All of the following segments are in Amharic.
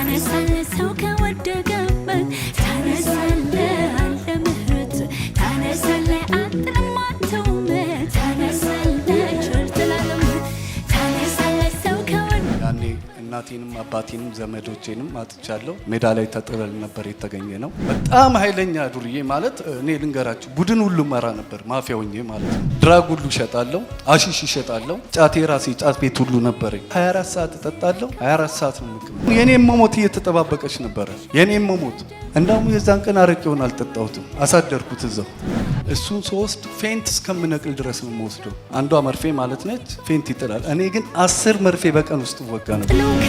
ያነሳል ሰው ከወደቀበት እናቴንም አባቴንም ዘመዶቼንም አጥቻለሁ። ሜዳ ላይ ተጥለል ነበር የተገኘ ነው። በጣም ኃይለኛ ዱርዬ ማለት እኔ ልንገራችሁ፣ ቡድን ሁሉ መራ ነበር። ማፊያ ሆኜ ማለት ነው። ድራግ ሁሉ እሸጣለሁ፣ አሽሽ እሸጣለሁ። ጫቴ ራሴ ጫት ቤት ሁሉ ነበረኝ። 24 ሰዓት እጠጣለሁ፣ 24 ሰዓት ነው ምግብ። የኔም መሞት እየተጠባበቀች ነበረ፣ የኔም መሞት። እንዳውም የዛን ቀን አረቄውን አልጠጣሁትም፣ አሳደርኩት እዛው። እሱን ሶስት ፌንት እስከምነቅል ድረስ ነው የምወስደው። አንዷ መርፌ ማለት ነች፣ ፌንት ይጥላል። እኔ ግን አስር መርፌ በቀን ውስጥ ወጋ ነበር።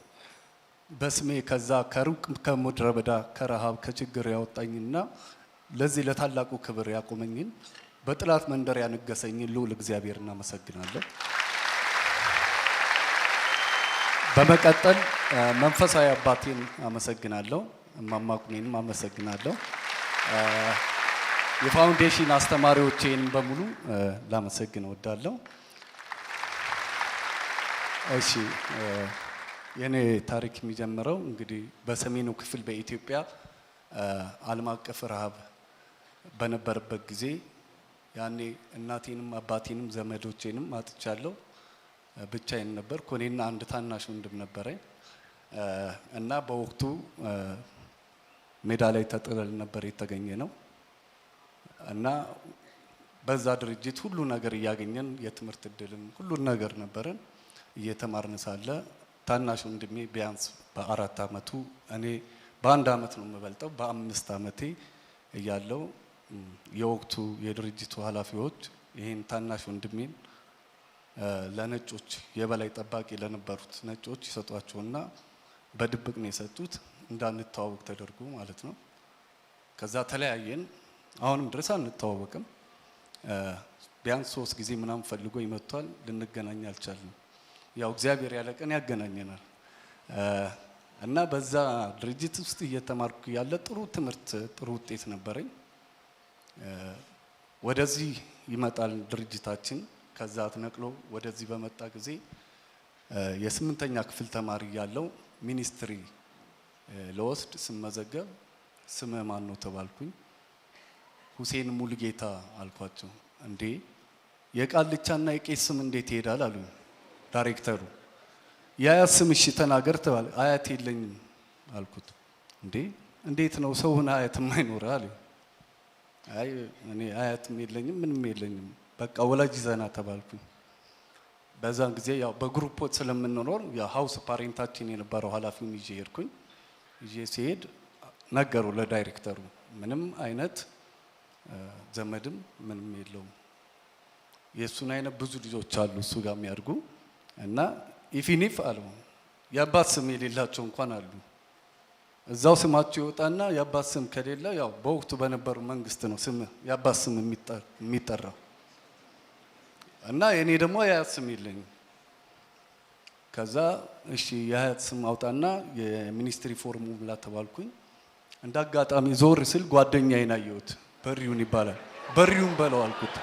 በስሜ ከዛ ከሩቅ ከምድረ በዳ ከረሃብ ከችግር ያወጣኝና ለዚህ ለታላቁ ክብር ያቆመኝን በጥላት መንደር ያነገሰኝን ልዑል እግዚአብሔር እናመሰግናለን። በመቀጠል መንፈሳዊ አባቴን አመሰግናለሁ። ማማቁሜንም አመሰግናለሁ። የፋውንዴሽን አስተማሪዎቼን በሙሉ ላመሰግን እወዳለሁ። እሺ የኔ ታሪክ የሚጀምረው እንግዲህ በሰሜኑ ክፍል በኢትዮጵያ ዓለም አቀፍ ረሃብ በነበረበት ጊዜ ያኔ እናቴንም አባቴንም ዘመዶቼንም አጥቻለሁ። ብቻዬን ነበርኩ። እኔና አንድ ታናሽ ወንድም ነበረኝ እና በወቅቱ ሜዳ ላይ ተጥለል ነበር የተገኘ ነው እና በዛ ድርጅት ሁሉ ነገር እያገኘን የትምህርት እድልም ሁሉን ነገር ነበረን እየተማርን ሳለ ታናሽ ወንድሜ ቢያንስ በአራት አመቱ እኔ በአንድ አመት ነው የምበልጠው። በአምስት አመቴ እያለው የወቅቱ የድርጅቱ ኃላፊዎች ይህን ታናሽ ወንድሜን ለነጮች የበላይ ጠባቂ ለነበሩት ነጮች ይሰጧቸውና በድብቅ ነው የሰጡት እንዳንተዋወቅ ተደርጎ ማለት ነው። ከዛ ተለያየን። አሁንም ድረስ አንተዋወቅም። ቢያንስ ሶስት ጊዜ ምናምን ፈልጎ ይመጥቷል። ልንገናኝ አልቻልንም። ያው እግዚአብሔር ያለ ቀን ያገናኘናል እና በዛ ድርጅት ውስጥ እየተማርኩ ያለ ጥሩ ትምህርት ጥሩ ውጤት ነበረኝ። ወደዚህ ይመጣል ድርጅታችን። ከዛ አትነቅሎ ወደዚህ በመጣ ጊዜ የስምንተኛ ክፍል ተማሪ ያለው ሚኒስትሪ ለወስድ ስመዘገብ ስም ማን ነው ተባልኩኝ። ሁሴን ሙሉጌታ አልኳቸው። እንዴ የቃልቻና የቄስ ስም እንዴት ይሄዳል አሉኝ። ዳይሬክተሩ የአያት ስም ተናገር ተባለ። አያት የለኝም አልኩት። እንዴ እንዴት ነው ሆነ አያትም የማይኖር አለ። አይ እኔ አያትም የለኝም ምንም የለኝም በቃ ወላጅ ይዘና ተባልኩኝ። በዛን ጊዜ ያው በግሩፖች ስለምንኖር ሀውስ ፓሬንታችን የነበረው ኃላፊውን ይዤ ሄድኩኝ። ይዤ ሲሄድ ነገሩ ለዳይሬክተሩ ምንም አይነት ዘመድም ምንም የለውም። የእሱን አይነት ብዙ ልጆች አሉ እሱ ጋር የሚያድጉ እና ኢፊኒፍ አለው የአባት ስም የሌላቸው እንኳን አሉ። እዛው ስማቸው ይወጣና የአባት ስም ከሌለ ያው በወቅቱ በነበረው መንግስት ነው ስም የአባት ስም የሚጠራው እና የእኔ ደግሞ የአያት ስም የለኝም። ከዛ እሺ የአያት ስም አውጣና የሚኒስትሪ ፎርሙ ብላ ተባልኩኝ። እንደ አጋጣሚ ዞር ስል ጓደኛዬን አየሁት። በሪውን ይባላል። በሪውን በለው አልኩት።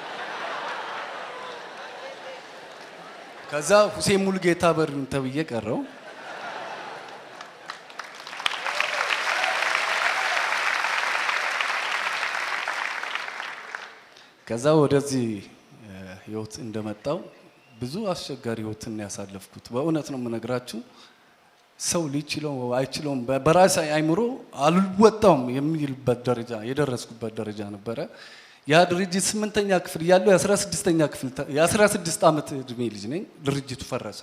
ከዛ ሁሴን ሙሉጌታ በር ተብዬ ቀረው። ከዛ ወደዚህ ህይወት እንደመጣው ብዙ አስቸጋሪ ህይወትን ያሳለፍኩት በእውነት ነው የምነግራችሁ። ሰው ሊችለው አይችለውም በራሴ አይምሮ አልወጣውም የሚልበት ደረጃ የደረስኩበት ደረጃ ነበረ። ያ ድርጅት ስምንተኛ ክፍል እያለሁ የአስራ ስድስተኛ ክፍል የአስራ ስድስት ዓመት እድሜ ልጅ ነኝ። ድርጅቱ ፈረሰ።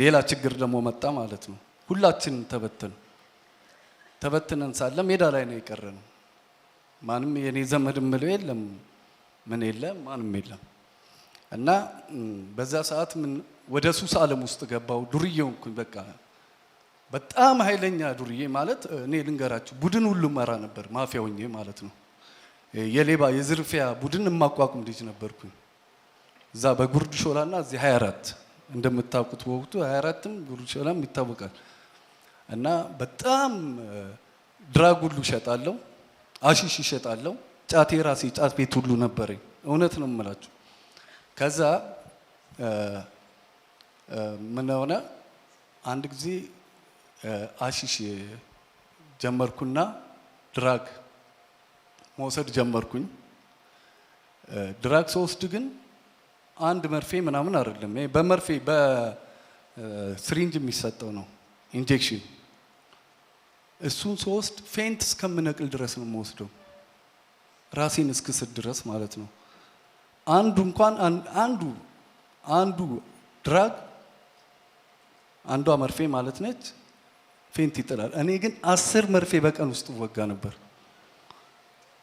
ሌላ ችግር ደግሞ መጣ ማለት ነው። ሁላችን ተበተን ተበትነን ሳለ ሜዳ ላይ ነው የቀረነው። ማንም የኔ ዘመድ ምለው የለም ምን የለ ማንም የለም። እና በዛ ሰዓት ምን ወደ ሱስ ዓለም ውስጥ ገባው። ዱርዬውን በቃ በጣም ኃይለኛ ዱርዬ ማለት እኔ ልንገራችሁ፣ ቡድን ሁሉ መራ ነበር ማፊያ ሆኜ ማለት ነው የሌባ የዝርፊያ ቡድን የማቋቁም ልጅ ነበርኩኝ። እዛ በጉርድ ሾላ እና እዚህ 24 እንደምታውቁት በወቅቱ 24ም ጉርድ ሾላም ይታወቃል። እና በጣም ድራግ ሁሉ እሸጣለሁ፣ አሺሽ እሸጣለሁ። ጫቴ ራሴ ጫት ቤት ሁሉ ነበረኝ። እውነት ነው የምላችሁ። ከዛ ምን ሆነ አንድ ጊዜ አሺሽ ጀመርኩና ድራግ መውሰድ ጀመርኩኝ። ድራግ ስወስድ ግን አንድ መርፌ ምናምን አይደለም፣ በመርፌ በስሪንጅ የሚሰጠው ነው ኢንጀክሽን። እሱን ስወስድ ፌንት እስከምነቅል ድረስ ነው የምወስደው፣ ራሴን እስክስር ድረስ ማለት ነው። አንዱ እንኳን አንዱ አንዱ ድራግ አንዷ መርፌ ማለት ነች ፌንት ይጥላል። እኔ ግን አስር መርፌ በቀን ውስጥ እወጋ ነበር።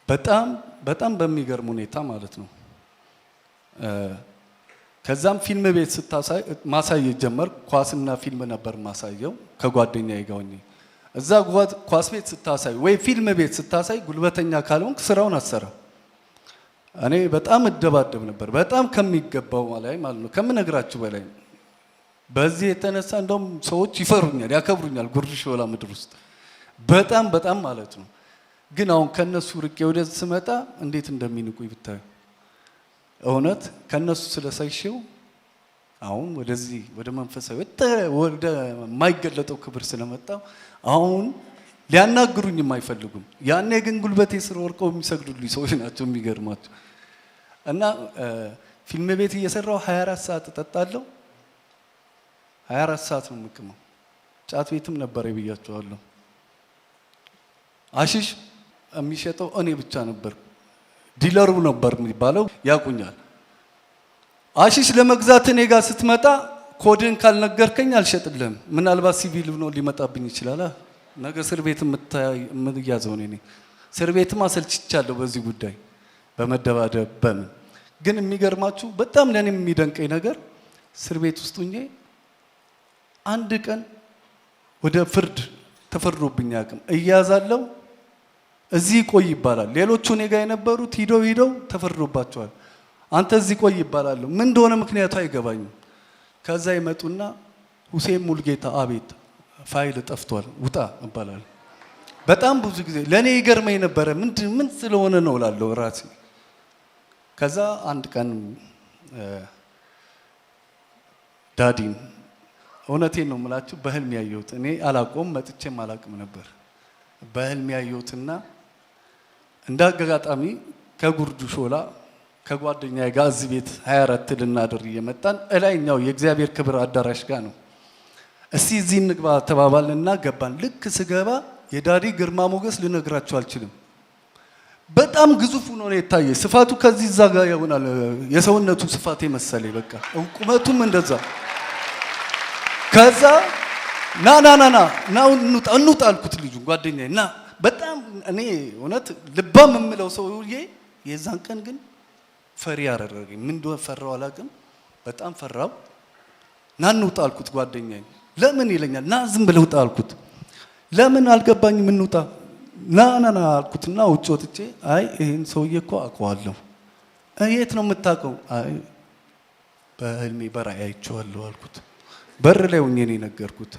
በጣም በጣም በሚገርም ሁኔታ ማለት ነው። ከዛም ፊልም ቤት ስታሳይ ማሳየት ጀመር። ኳስና ፊልም ነበር ማሳየው ከጓደኛ ይገውኝ እዛ ኳስ ቤት ስታሳይ ወይ ፊልም ቤት ስታሳይ ጉልበተኛ ካልሆንክ ስራውን አሰራ። እኔ በጣም እደባደብ ነበር፣ በጣም ከሚገባው ላይ ማለት ነው፣ ከምነግራችሁ በላይ። በዚህ የተነሳ እንደውም ሰዎች ይፈሩኛል፣ ያከብሩኛል። ጉርድ ሾላ ምድር ውስጥ በጣም በጣም ማለት ነው ግን አሁን ከነሱ ርቄ ወደዚህ ስመጣ እንዴት እንደሚንቁ ብታዩ እውነት ከነሱ ስለሳይሽው አሁን ወደዚህ ወደ መንፈሳዊ ወደ ማይገለጠው ክብር ስለመጣው አሁን ሊያናግሩኝም አይፈልጉም። ያኔ ግን ጉልበቴ ስር ወርቀው የሚሰግዱልኝ ሰዎች ናቸው። የሚገርማቸው እና ፊልም ቤት እየሰራው 24 ሰዓት እጠጣለሁ። 24 ሰዓት ነው የምቅመው። ጫት ቤትም ነበረ ብያቸዋለሁ። አሽሽ የሚሸጠው እኔ ብቻ ነበር። ዲለሩ ነበር የሚባለው ያቁኛል። አሺሽ ለመግዛት እኔ ጋር ስትመጣ ኮድን ካልነገርከኝ አልሸጥልህም። ምናልባት ሲቪል ነው ሊመጣብኝ ይችላል። ነገ እስር ቤት የምትያዘው እኔ እስር ቤትም አሰልችቻለሁ በዚህ ጉዳይ በመደባደብ በምን። ግን የሚገርማችሁ በጣም ለእኔ የሚደንቀኝ ነገር እስር ቤት ውስጥ ሁኜ አንድ ቀን ወደ ፍርድ ተፈርዶብኝ አያውቅም። እያዛለሁ እዚህ ቆይ ይባላል። ሌሎቹ እኔ ጋ የነበሩት ሂደው ሂደው ተፈርዶባቸዋል። አንተ እዚህ ቆይ ይባላሉ። ምን እንደሆነ ምክንያቱ አይገባኝም። ከዛ ይመጡና ሁሴን ሙልጌታ አቤት፣ ፋይል ጠፍቷል ውጣ ይባላል። በጣም ብዙ ጊዜ ለእኔ ይገርመኝ ነበረ። ምን ስለሆነ ነው ላለው ራሴ። ከዛ አንድ ቀን ዳዲን እውነቴን ነው የምላችሁ በህልም ያየሁት እኔ አላቆም መጥቼም አላቅም ነበር በህልም ያየሁትና እንደ አጋጣሚ ከጉርዱ ሾላ ከጓደኛ ጋር እዚህ ቤት 24 ልናድር እየመጣን እላይኛው የእግዚአብሔር ክብር አዳራሽ ጋር ነው። እስቲ እዚህ እንግባ ተባባልንና ገባን። ልክ ስገባ የዳዲ ግርማ ሞገስ ልነግራቸው አልችልም። በጣም ግዙፍ ሆኖ ነው የታየ። ስፋቱ ከዚህ እዛ ጋር ይሆናል የሰውነቱ ስፋት መሰለኝ። በቃ ቁመቱም እንደዛ። ከዛ ና ና ና ና እንውጣ እንውጣ አልኩት ልጁን ጓደኛዬ ና በጣም እኔ እውነት ልባም የምለው ሰውዬ የዛን ቀን ግን ፈሪ አደረገ። ምን እንደሆነ ፈራው አላውቅም። በጣም ፈራው። ና እንውጣ አልኩት ጓደኛዬ። ለምን ይለኛል። ና ዝም ብለው ውጣ አልኩት። ለምን አልገባኝም። እንውጣ ና ና ና ውጭ ወጥቼ አይ ይህን ሰውዬ እኮ አውቀዋለሁ። የት ነው የምታውቀው? አይ በህልሜ በራእይ አይቼዋለሁ አልኩት። በር ላይ ሆኜ ነው የነገርኩት።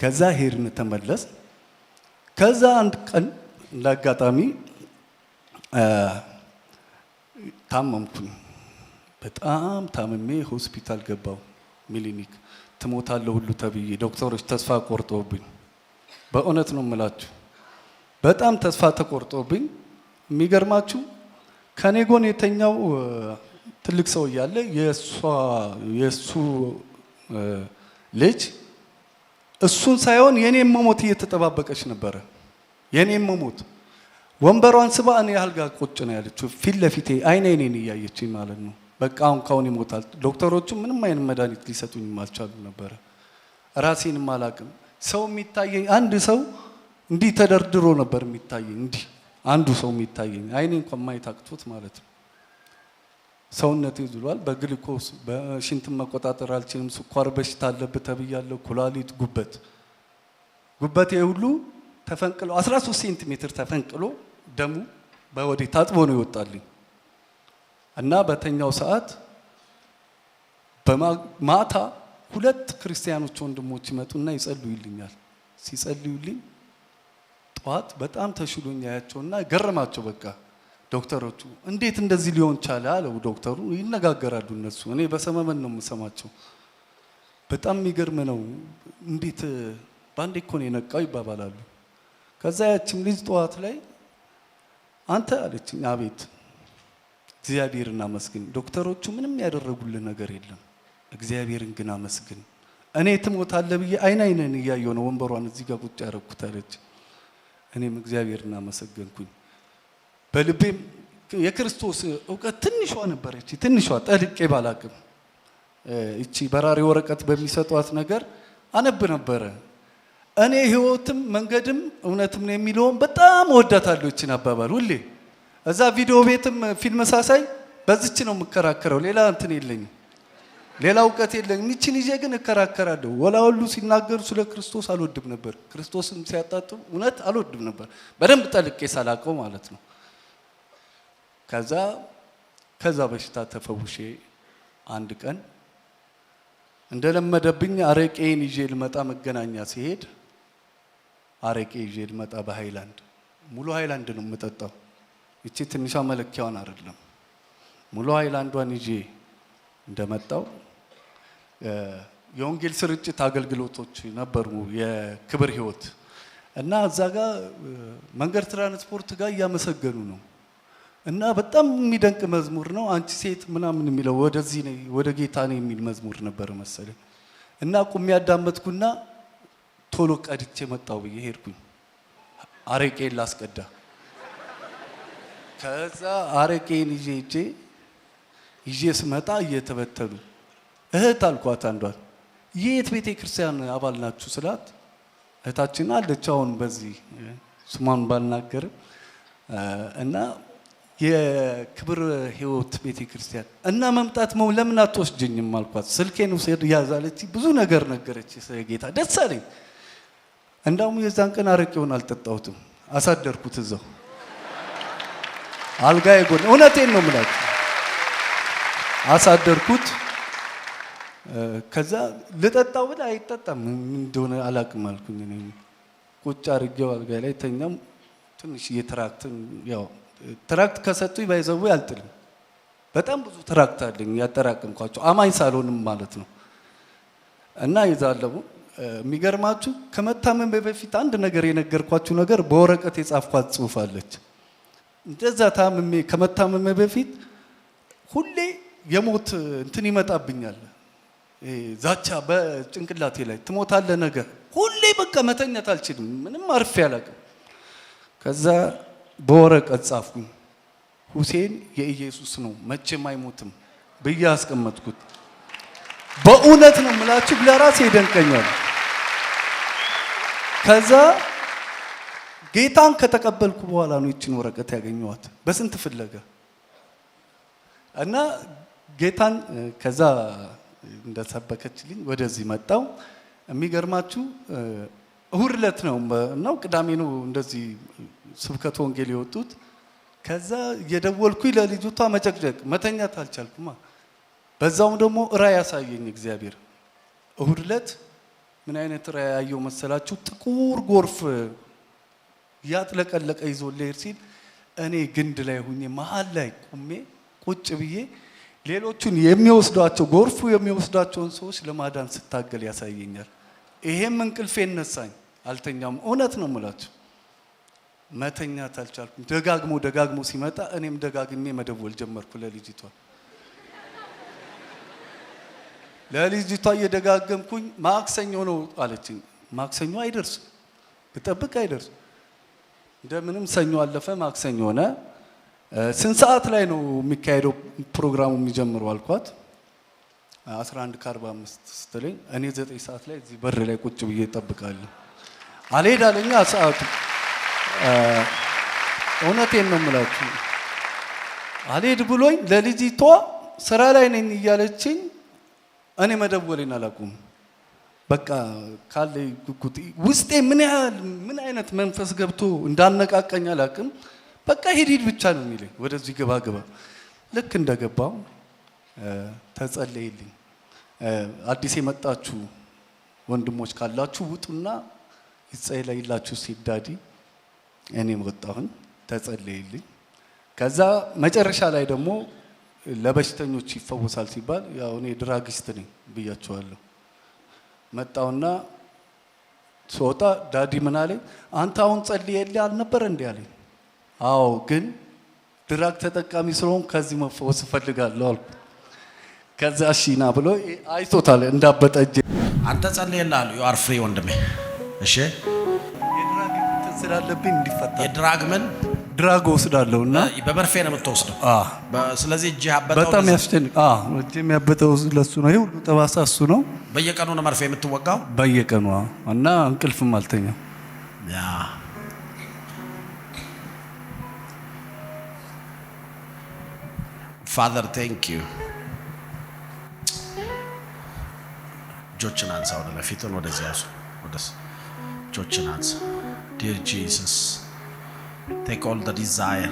ከዛ ሄድን ተመለስ ከዛ አንድ ቀን እንደ አጋጣሚ ታመምኩኝ። በጣም ታምሜ ሆስፒታል ገባው ሚሊኒክ ትሞታለህ ሁሉ ተብዬ ዶክተሮች ተስፋ ቆርጦብኝ፣ በእውነት ነው የምላችሁ፣ በጣም ተስፋ ተቆርጦብኝ። የሚገርማችሁ ከኔ ጎን የተኛው ትልቅ ሰው እያለ የእሱ ልጅ እሱን ሳይሆን የኔ መሞት እየተጠባበቀች ነበረ። የኔ መሞት ወንበሯን ስባ እኔ አልጋ ቁጭ ነው ያለችው፣ ፊት ለፊቴ አይኔ እኔን እያየችኝ ማለት ነው። በቃ አሁን ካሁን ይሞታል። ዶክተሮቹ ምንም አይነት መድኃኒት ሊሰጡኝ አልቻሉ ነበረ። ራሴንም አላቅም። ሰው የሚታየኝ አንድ ሰው እንዲህ ተደርድሮ ነበር የሚታየኝ፣ እንዲህ አንዱ ሰው የሚታየኝ አይኔ እንኳን ማየት አቅቶት ማለት ነው። ሰውነት ይዝሏል። በግሊኮስ በሽንት መቆጣጠር አልችልም። ስኳር በሽታ አለብህ ተብያለሁ። ኩላሊት፣ ጉበት ጉበቴ ሁሉ ተፈንቅሎ 13 ሴንቲሜትር ተፈንቅሎ ደሙ በወዴ ታጥቦ ነው ይወጣልኝ እና በተኛው ሰዓት በማታ ሁለት ክርስቲያኖች ወንድሞች ይመጡና ይጸልዩልኛል። ሲጸልዩልኝ ጠዋት በጣም ተሽሎኝ ያያቸውና ገረማቸው በቃ ዶክተሮቹ እንዴት እንደዚህ ሊሆን ቻለ? አለው ዶክተሩ። ይነጋገራሉ እነሱ። እኔ በሰመመን ነው የምሰማቸው። በጣም የሚገርም ነው። እንዴት በአንዴ እኮ ነው የነቃው ይባባላሉ። ከዛ ያችም ልጅ ጠዋት ላይ አንተ አለች አቤት። እግዚአብሔር እናመስግን። ዶክተሮቹ ምንም ያደረጉልን ነገር የለም። እግዚአብሔርን ግን አመስግን። እኔ ትሞታለ ብዬ አይን አይነን እያየው ነው ወንበሯን እዚህ ጋር ቁጭ ያደረኩት አለች። እኔም እግዚአብሔር እናመሰገንኩኝ በልቤም የክርስቶስ እውቀት ትንሿ እቺ ትንሿ ጠልቄ ባላቅም እቺ በራሪ ወረቀት በሚሰጧት ነገር አነብ ነበረ። እኔ ህይወትም መንገድም እውነትም ነው የሚለውን በጣም ወዳታለሁ እችን አባባል። ሁሌ እዛ ቪዲዮ ቤትም ፊልም ሳሳይ በዝች ነው የምከራከረው። ሌላ እንትን የለኝ ሌላ እውቀት የለኝም። ይችን ይዤ ግን እከራከራለሁ። ሁሉ ሲናገሩ ስለ ክርስቶስ አልወድም ነበር፣ ክርስቶስም ሲያጣጥም እውነት አልወድም ነበር። በደንብ ጠልቄ ሳላቀው ማለት ነው። ከዛ ከዛ በሽታ ተፈውሼ አንድ ቀን እንደለመደብኝ አረቄን ይዤ ልመጣ መገናኛ ሲሄድ አረቄ ይዤ ልመጣ በሃይላንድ ሙሉ ሃይላንድ ነው የምጠጣው። እቺ ትንሿ መለኪያዋን አይደለም። ሙሉ ሃይላንዷን ይዤ እንደመጣው የወንጌል ስርጭት አገልግሎቶች ነበሩ፣ የክብር ህይወት እና እዛ ጋር መንገድ ትራንስፖርት ጋር እያመሰገኑ ነው እና በጣም የሚደንቅ መዝሙር ነው። አንቺ ሴት ምናምን የሚለው ወደዚህ ወደ ጌታ ነው የሚል መዝሙር ነበር መሰለኝ። እና ቁሜ ያዳመጥኩና ቶሎ ቀድቼ መጣሁ ብዬ ሄድኩኝ። አረቄን ላስቀዳ። ከዛ አረቄን ይዤ እጄ ይዤ ስመጣ እየተበተሉ እህት አልኳት አንዷል የት ቤተ ክርስቲያን አባል ናችሁ ስላት እህታችን አለች አሁን በዚህ ስሟን ባልናገርም እና የክብር ህይወት ቤተ ክርስቲያን እና መምጣት መው ለምን አትወስጅኝም አልኳት። ስልኬን ውሰድ ያዛለች ብዙ ነገር ነገረች። ጌታ ደስ አለኝ። እንዳውም የዛን ቀን አረቄውን አልጠጣሁትም፣ አሳደርኩት እዛው አልጋ የጎን እውነቴን ነው የምላችሁ፣ አሳደርኩት። ከዛ ልጠጣው ብላ አይጠጣም እንደሆነ አላቅም አልኩኝ። ቁጭ አርጌው አልጋ ላይ ተኛም። ትንሽ እየተራክትን ያው ትራክት ከሰጡኝ ባይዘቡ አልጥልም። በጣም ብዙ ትራክት አለኝ ያጠራቅምኳቸው አማኝ ሳልሆንም ማለት ነው። እና ይዛለሁ። የሚገርማችሁ ከመታመም በፊት አንድ ነገር የነገርኳችሁ ነገር በወረቀት የጻፍኳት ጽሁፍ አለች። እንደዛ ታምሜ ከመታመም በፊት ሁሌ የሞት እንትን ይመጣብኛል፣ ዛቻ በጭንቅላቴ ላይ ትሞታለህ ነገር ሁሌ በቃ መተኛት አልችልም። ምንም አርፌ አላውቅም። ከዛ በወረቀት ጻፍኩኝ። ሁሴን የኢየሱስ ነው መቼም አይሞትም ብዬ አስቀመጥኩት። በእውነት ነው የምላችሁ፣ ለራሴ ይደንቀኛል። ከዛ ጌታን ከተቀበልኩ በኋላ ነው ይችን ወረቀት ያገኘዋት? በስንት ፍለጋ እና ጌታን ከዛ እንደሰበከችልኝ ወደዚህ መጣው። የሚገርማችሁ እሁድ ዕለት ነው እናው ቅዳሜ ነው እንደዚህ ስብከት ወንጌል የወጡት። ከዛ እየደወልኩኝ ለልጅቷ መጨቅጨቅ መተኛት አልቻልኩማ። በዛውም ደግሞ ራእይ ያሳየኝ እግዚአብሔር እሁድ ዕለት ምን አይነት ራእይ ያየው መሰላችሁ? ጥቁር ጎርፍ ያጥለቀለቀ ይዞ ልሄድ ሲል እኔ ግንድ ላይ ሁኜ መሀል ላይ ቁሜ ቁጭ ብዬ ሌሎቹን የሚወስዷቸው ጎርፉ የሚወስዷቸውን ሰዎች ለማዳን ስታገል ያሳየኛል። ይሄም እንቅልፌ እነሳኝ። አልተኛም። እውነት ነው የምላችሁ መተኛት አልቻልኩም። ደጋግሞ ደጋግሞ ሲመጣ እኔም ደጋግሜ መደወል ጀመርኩ ለልጅቷ ለልጅቷ እየደጋገምኩኝ ማክሰኞ ነው አለችኝ። ማክሰኞ አይደርስም፣ ብጠብቅ አይደርስም። እንደምንም ሰኞ አለፈ፣ ማክሰኞ ሆነ። ስንት ሰዓት ላይ ነው የሚካሄደው ፕሮግራሙ የሚጀምረው አልኳት። 11 ከ45 ስትለኝ እኔ 9 ሰዓት ላይ እዚህ በር ላይ ቁጭ ብዬ እጠብቃለሁ። አልሄድ አለኛ ሰዓቱ። እውነቴን ነው የምላችሁ። አልሄድ ብሎኝ ለልጅቷ ስራ ላይ ነኝ እያለችኝ እኔ መደወሌን አላቁም። በቃ ካለ ጉጉት ውስጤ ምን ያህል ምን አይነት መንፈስ ገብቶ እንዳነቃቀኝ አላቅም። በቃ ሂድ ሂድ ብቻ ነው የሚለኝ፣ ወደዚህ ግባ ግባ። ልክ እንደገባው ተጸለይልኝ። አዲስ የመጣችሁ ወንድሞች ካላችሁ ውጡና ይጸለይላችሁ ሲዳዲ እኔም ወጣሁኝ ተጸለይልኝ። ከዛ መጨረሻ ላይ ደግሞ ለበሽተኞች ይፈወሳል ሲባል ያው እኔ ድራጊስት ነኝ ብያቸዋለሁ። መጣውና ስወጣ ዳዲ ምን አለኝ፣ አንተ አሁን ጸልየልህ አልነበር እንዲ አለኝ። አዎ ግን ድራግ ተጠቃሚ ስለሆን ከዚህ መፈወስ እፈልጋለሁ አልኩ። ከዛ እሺ ብሎ አይቶታል እንዳበጠ አንተ ጸልየልህ አሉ ዩ አር ፍሪ ወንድሜ እሺ ስላለብኝ እንዲፈታ የድራግ ምን ድራግ ወስዳለሁ እና በመርፌ ነው የምትወስደው። ስለዚህ እጅ በጣም ያስጨንቅ። እጅ የሚያበጠው ለሱ ነው። ይህ ሁሉ ጠባሳ እሱ ነው። በየቀኑ ነው መርፌ የምትወጋው? በየቀኑ እና እንቅልፍም አልተኛም። ፋዘር ቴንክ ዩ። እጆችን አንሳው ለፊቱን ወደዚያ ወደስ us. Dear Jesus, take all the desire,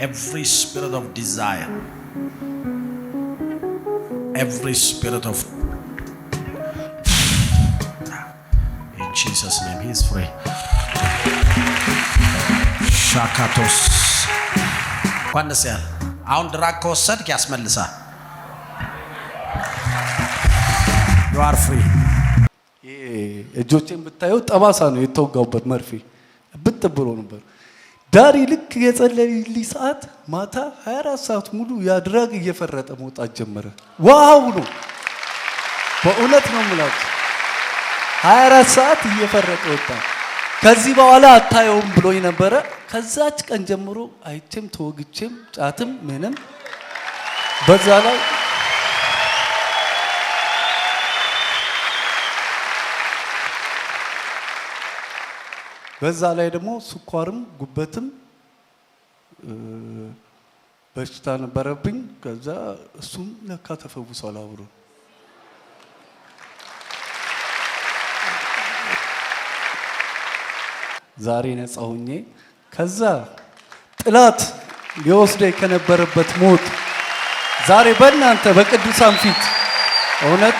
every spirit of desire, every spirit of in Jesus' name, He is free. Shakatos. እንኳን ደስ ያለ። አሁን ድራግ ከወሰድክ ያስመልሳል። ዩ አር ፍሪ እጆቼን ብታየው ጠባሳ ነው የተወጋውበት መርፌ ብጥ ብሎ ነበር። ዳሪ ልክ የጸለይልኝ ሰዓት ማታ 24 ሰዓት ሙሉ ያድራግ እየፈረጠ መውጣት ጀመረ። ዋው ነው በእውነት ነው የምላችሁ 24 ሰዓት እየፈረጠ ወጣ። ከዚህ በኋላ አታየውም ብሎኝ ነበረ። ከዛች ቀን ጀምሮ አይቼም ተወግቼም ጫትም ምንም በዛ ላይ በዛ ላይ ደግሞ ስኳርም ጉበትም በሽታ ነበረብኝ። ከዛ እሱም ለካ ተፈውሷል አብሮ ዛሬ ነፃ ሁኜ ከዛ ጥላት ሊወስደኝ ከነበረበት ሞት ዛሬ በእናንተ በቅዱሳን ፊት እውነት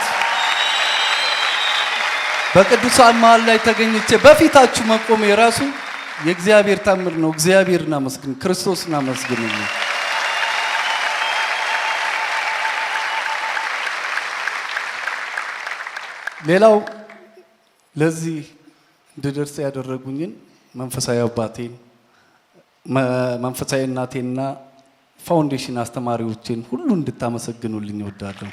በቅዱሳን መሃል ላይ ተገኝቼ በፊታችሁ መቆም የራሱ የእግዚአብሔር ታምር ነው። እግዚአብሔር እናመስግን፣ ክርስቶስ እናመስግን። ሌላው ለዚህ እንድደርስ ያደረጉኝን መንፈሳዊ አባቴን መንፈሳዊ እናቴና ፋውንዴሽን አስተማሪዎችን ሁሉ እንድታመሰግኑልኝ እወዳለሁ።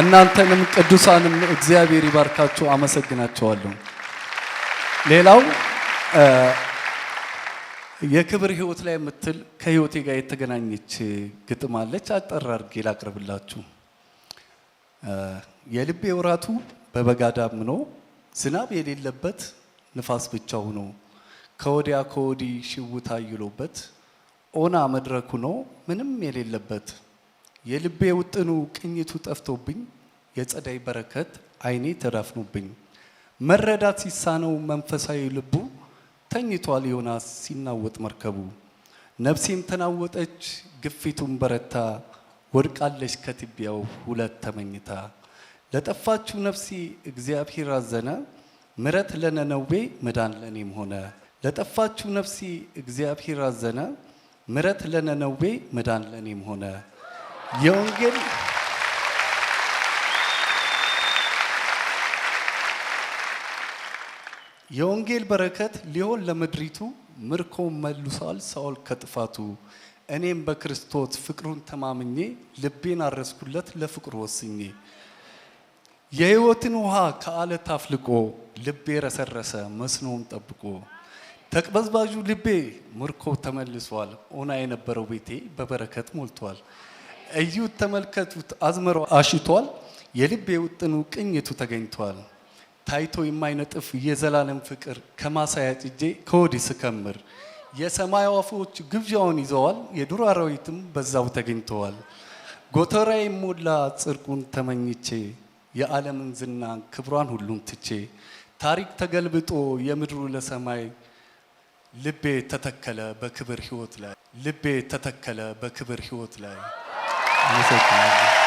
እናንተንም ቅዱሳንም እግዚአብሔር ይባርካችሁ። አመሰግናችኋለሁ። ሌላው የክብር ህይወት ላይ የምትል ከህይወቴ ጋር የተገናኘች ግጥም አለች። አጠር አድርጌ ላቅርብላችሁ። የልቤ ወራቱ በበጋ ዳምኖ ዝናብ የሌለበት ንፋስ ብቻ ሆኖ ከወዲያ ከወዲህ ሽውታ ይሎበት ኦና መድረክ ሆኖ ምንም የሌለበት የልቤ ውጥኑ ቅኝቱ ጠፍቶብኝ የጸዳይ በረከት አይኔ ተዳፍኖብኝ መረዳት ሲሳነው መንፈሳዊ ልቡ ተኝቷል ዮናስ ሲናወጥ መርከቡ ነፍሴም ተናወጠች ግፊቱን በረታ ወድቃለች ከትቢያው ሁለት ተመኝታ ለጠፋችው ነፍሴ እግዚአብሔር አዘነ ምረት ለነነዌ መዳን ለኔም ሆነ ለጠፋችው ነፍሴ እግዚአብሔር አዘነ ምረት ለነነዌ መዳን ለኔም ሆነ Jungen. የወንጌል በረከት ሊሆን ለምድሪቱ ምርኮ መልሷል ሳውል ከጥፋቱ። እኔም በክርስቶስ ፍቅሩን ተማምኜ ልቤን አረስኩለት ለፍቅሩ ወስኜ። የህይወትን ውሃ ከአለት አፍልቆ ልቤ ረሰረሰ መስኖውን ጠብቆ። ተቅበዝባዡ ልቤ ምርኮ ተመልሷል። ኦና የነበረው ቤቴ በበረከት ሞልቷል። እዩት፣ ተመልከቱት፣ አዝመራው አሽቷል፣ የልብ የውጥኑ ቅኝቱ ተገኝቷል። ታይቶ የማይነጥፍ የዘላለም ፍቅር ከማሳያ ጭጄ ከወዲህ ስከምር የሰማይ ወፎች ግብዣውን ይዘዋል፣ የዱር አራዊትም በዛው ተገኝተዋል። ጎተራ የሞላ ጽርቁን ተመኝቼ የዓለምን ዝና ክብሯን ሁሉም ትቼ ታሪክ ተገልብጦ የምድሩ ለሰማይ ልቤ ተተከለ በክብር ሕይወት ላይ ልቤ ተተከለ በክብር ሕይወት ላይ Muito é obrigado.